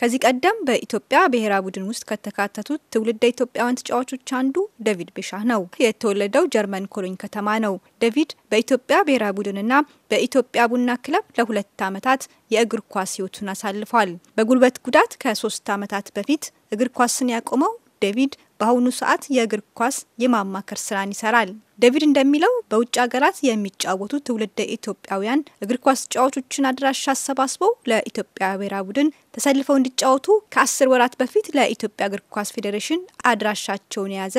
ከዚህ ቀደም በኢትዮጵያ ብሔራዊ ቡድን ውስጥ ከተካተቱት ትውልደ ኢትዮጵያውያን ተጫዋቾች አንዱ ዴቪድ ቤሻህ ነው። የተወለደው ጀርመን ኮሎኝ ከተማ ነው። ዴቪድ በኢትዮጵያ ብሔራዊ ቡድንና በኢትዮጵያ ቡና ክለብ ለሁለት ዓመታት የእግር ኳስ ሕይወቱን አሳልፏል። በጉልበት ጉዳት ከሶስት ዓመታት በፊት እግር ኳስን ያቆመው ዴቪድ በአሁኑ ሰዓት የእግር ኳስ የማማከር ስራን ይሰራል። ዴቪድ እንደሚለው በውጭ ሀገራት የሚጫወቱ ትውልደ ኢትዮጵያውያን እግር ኳስ ተጫዋቾችን አድራሻ አሰባስበው ለኢትዮጵያ ብሔራዊ ቡድን ተሰልፈው እንዲጫወቱ ከአስር ወራት በፊት ለኢትዮጵያ እግር ኳስ ፌዴሬሽን አድራሻቸውን የያዘ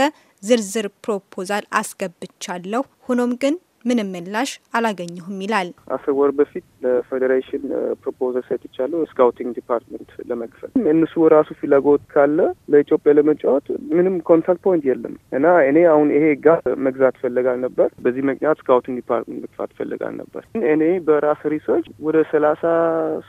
ዝርዝር ፕሮፖዛል አስገብቻለሁ። ሆኖም ግን ምንም ምላሽ አላገኘሁም ይላል። አስር ወር በፊት ለፌዴሬሽን ፕሮፖዘል ሰጥቻለሁ ስካውቲንግ ዲፓርትመንት ለመክፈል። እነሱ ራሱ ፍላጎት ካለ ለኢትዮጵያ ለመጫወት ምንም ኮንታክት ፖይንት የለም እና እኔ አሁን ይሄ ጋ መግዛት ፈለጋል ነበር። በዚህ ምክንያት ስካውቲንግ ዲፓርትመንት መግፋት ፈለጋል ነበር። እኔ በራስ ሪሰርች ወደ ሰላሳ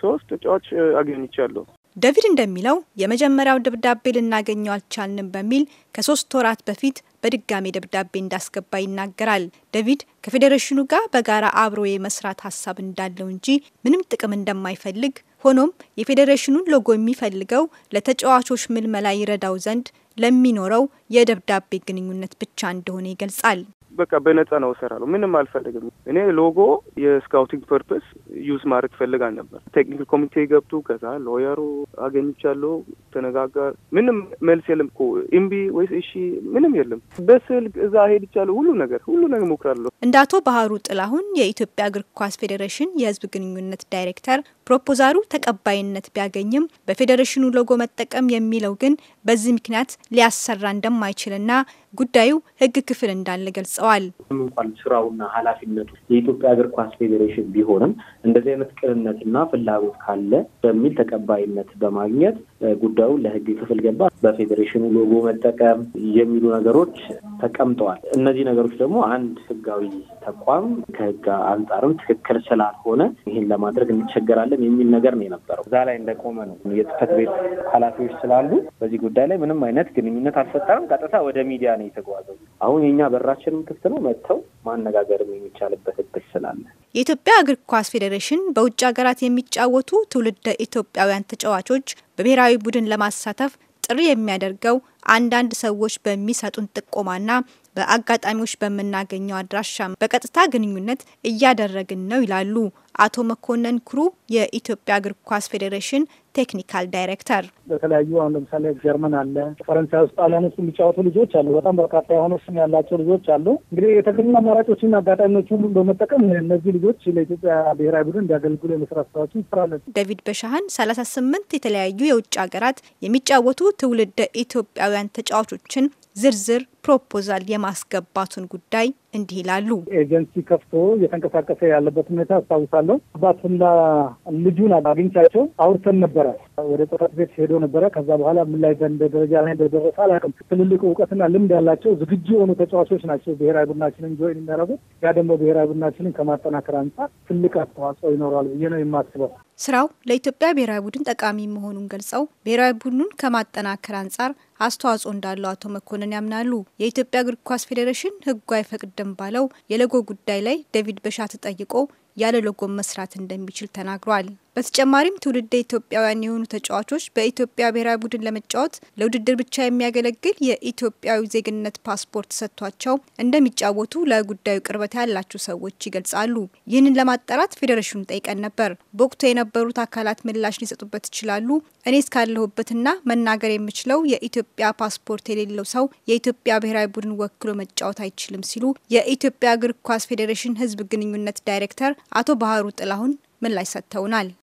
ሶስት ተጫዋች አገኝቻለሁ። ደቪድ እንደሚለው የመጀመሪያው ደብዳቤ ልናገኘው አልቻልንም በሚል ከሶስት ወራት በፊት በድጋሜ ደብዳቤ እንዳስገባ ይናገራል። ዴቪድ ከፌዴሬሽኑ ጋር በጋራ አብሮ የመስራት ሀሳብ እንዳለው እንጂ ምንም ጥቅም እንደማይፈልግ ሆኖም የፌዴሬሽኑን ሎጎ የሚፈልገው ለተጫዋቾች ምልመላ ይረዳው ዘንድ ለሚኖረው የደብዳቤ ግንኙነት ብቻ እንደሆነ ይገልጻል። በቃ በነጻ ነው እሰራለሁ። ምንም አልፈልግም። እኔ ሎጎ የስካውቲንግ ፐርፐስ ዩዝ ማድረግ ፈልጋል ነበር። ቴክኒካል ኮሚቴ ገብቱ፣ ከዛ ሎየሩ አገኝቻለሁ፣ ተነጋገር። ምንም መልስ የለም እኮ እምቢ ወይስ እሺ፣ ምንም የለም። በስልክ እዛ ሄድ ይቻሉ ሁሉ ነገር ሁሉ ነገር ሞክራለሁ። እንደ አቶ ባህሩ ጥላሁን የኢትዮጵያ እግር ኳስ ፌዴሬሽን የህዝብ ግንኙነት ዳይሬክተር ፕሮፖዛሩ ተቀባይነት ቢያገኝም በፌዴሬሽኑ ሎጎ መጠቀም የሚለው ግን በዚህ ምክንያት ሊያሰራ እንደማይችልና ጉዳዩ ህግ ክፍል እንዳለ ገልጸዋል። እንኳን ስራውና ኃላፊነቱ የኢትዮጵያ እግር ኳስ ፌዴሬሽን ቢሆንም እንደዚህ አይነት ቅንነትና ፍላጎት ካለ በሚል ተቀባይነት በማግኘት ጉዳዩ ለህግ ክፍል ገባ። በፌዴሬሽኑ ሎጎ መጠቀም የሚሉ ነገሮች ተቀምጠዋል። እነዚህ ነገሮች ደግሞ አንድ ህጋዊ ተቋም ከህግ አንጻርም ትክክል ስላልሆነ ይህን ለማድረግ እንቸገራለን የሚል ነገር ነው የነበረው። እዛ ላይ እንደቆመ ነው። የጽህፈት ቤት ኃላፊዎች ስላሉ በዚህ ጉዳይ ላይ ምንም አይነት ግንኙነት አልፈጠረም። ቀጥታ ወደ ሚዲያ ነው ነው የተጓዘው። አሁን የእኛ በራችንም ክፍት ነው፣ መጥተው ማነጋገርም የሚቻልበት እድል ስላለ የኢትዮጵያ እግር ኳስ ፌዴሬሽን በውጭ ሀገራት የሚጫወቱ ትውልደ ኢትዮጵያውያን ተጫዋቾች በብሔራዊ ቡድን ለማሳተፍ ጥሪ የሚያደርገው አንዳንድ ሰዎች በሚሰጡን ጥቆማና በአጋጣሚዎች በምናገኘው አድራሻ በቀጥታ ግንኙነት እያደረግን ነው ይላሉ። አቶ መኮነን ኩሩ የኢትዮጵያ እግር ኳስ ፌዴሬሽን ቴክኒካል ዳይሬክተር በተለያዩ አሁን ለምሳሌ ጀርመን አለ፣ ፈረንሳይ ውስጥ፣ ጣሊያን ውስጥ የሚጫወቱ ልጆች አሉ። በጣም በርካታ የሆነ ስም ያላቸው ልጆች አሉ። እንግዲህ የተገኙ አማራጮችን፣ አጋጣሚዎች ሁሉ በመጠቀም እነዚህ ልጆች ለኢትዮጵያ ብሔራዊ ቡድን እንዲያገልግሉ የመስራት ስራዎችን ይሰራለን። ዴቪድ በሻህን ሰላሳ ስምንት የተለያዩ የውጭ ሀገራት የሚጫወቱ ትውልደ ኢትዮጵያውያን ተጫዋቾችን ዝርዝር ፕሮፖዛል የማስገባቱን ጉዳይ እንዲህ ይላሉ። ኤጀንሲ ከፍቶ እየተንቀሳቀሰ ያለበት ሁኔታ አስታውሳለሁ። አባትና ልጁን አግኝቻቸው አውርተን ነበረ። ወደ ጽሕፈት ቤት ሄዶ ነበረ። ከዛ በኋላ ምን ላይ ደረጃ ላይ እንደደረሰ አላውቅም። ትልልቅ እውቀትና ልምድ ያላቸው ዝግጁ የሆኑ ተጫዋቾች ናቸው ብሔራዊ ቡድናችንን ጆይን የሚያደርጉት። ያ ደግሞ ብሔራዊ ቡድናችንን ከማጠናከር አንጻር ትልቅ አስተዋጽኦ ይኖራል ብዬ ነው የማስበው። ስራው ለኢትዮጵያ ብሔራዊ ቡድን ጠቃሚ መሆኑን ገልጸው ብሔራዊ ቡድኑን ከማጠናከር አንጻር አስተዋጽኦ እንዳለው አቶ መኮንን ያምናሉ። የኢትዮጵያ እግር ኳስ ፌዴሬሽን ሕጉ አይፈቅድም ባለው የሎጎ ጉዳይ ላይ ዴቪድ በሻ ተጠይቆ ያለ ሎጎ መስራት እንደሚችል ተናግሯል። በተጨማሪም ትውልደ ኢትዮጵያውያን የሆኑ ተጫዋቾች በኢትዮጵያ ብሔራዊ ቡድን ለመጫወት ለውድድር ብቻ የሚያገለግል የኢትዮጵያዊ ዜግነት ፓስፖርት ሰጥቷቸው እንደሚጫወቱ ለጉዳዩ ቅርበት ያላቸው ሰዎች ይገልጻሉ። ይህንን ለማጣራት ፌዴሬሽኑን ጠይቀን ነበር። በወቅቱ የነበሩት አካላት ምላሽ ሊሰጡበት ይችላሉ። እኔ እስካለሁበትና መናገር የምችለው የኢትዮጵያ ፓስፖርት የሌለው ሰው የኢትዮጵያ ብሔራዊ ቡድን ወክሎ መጫወት አይችልም ሲሉ የኢትዮጵያ እግር ኳስ ፌዴሬሽን ሕዝብ ግንኙነት ዳይሬክተር አቶ ባህሩ ጥላሁን ምላሽ ሰጥተውናል።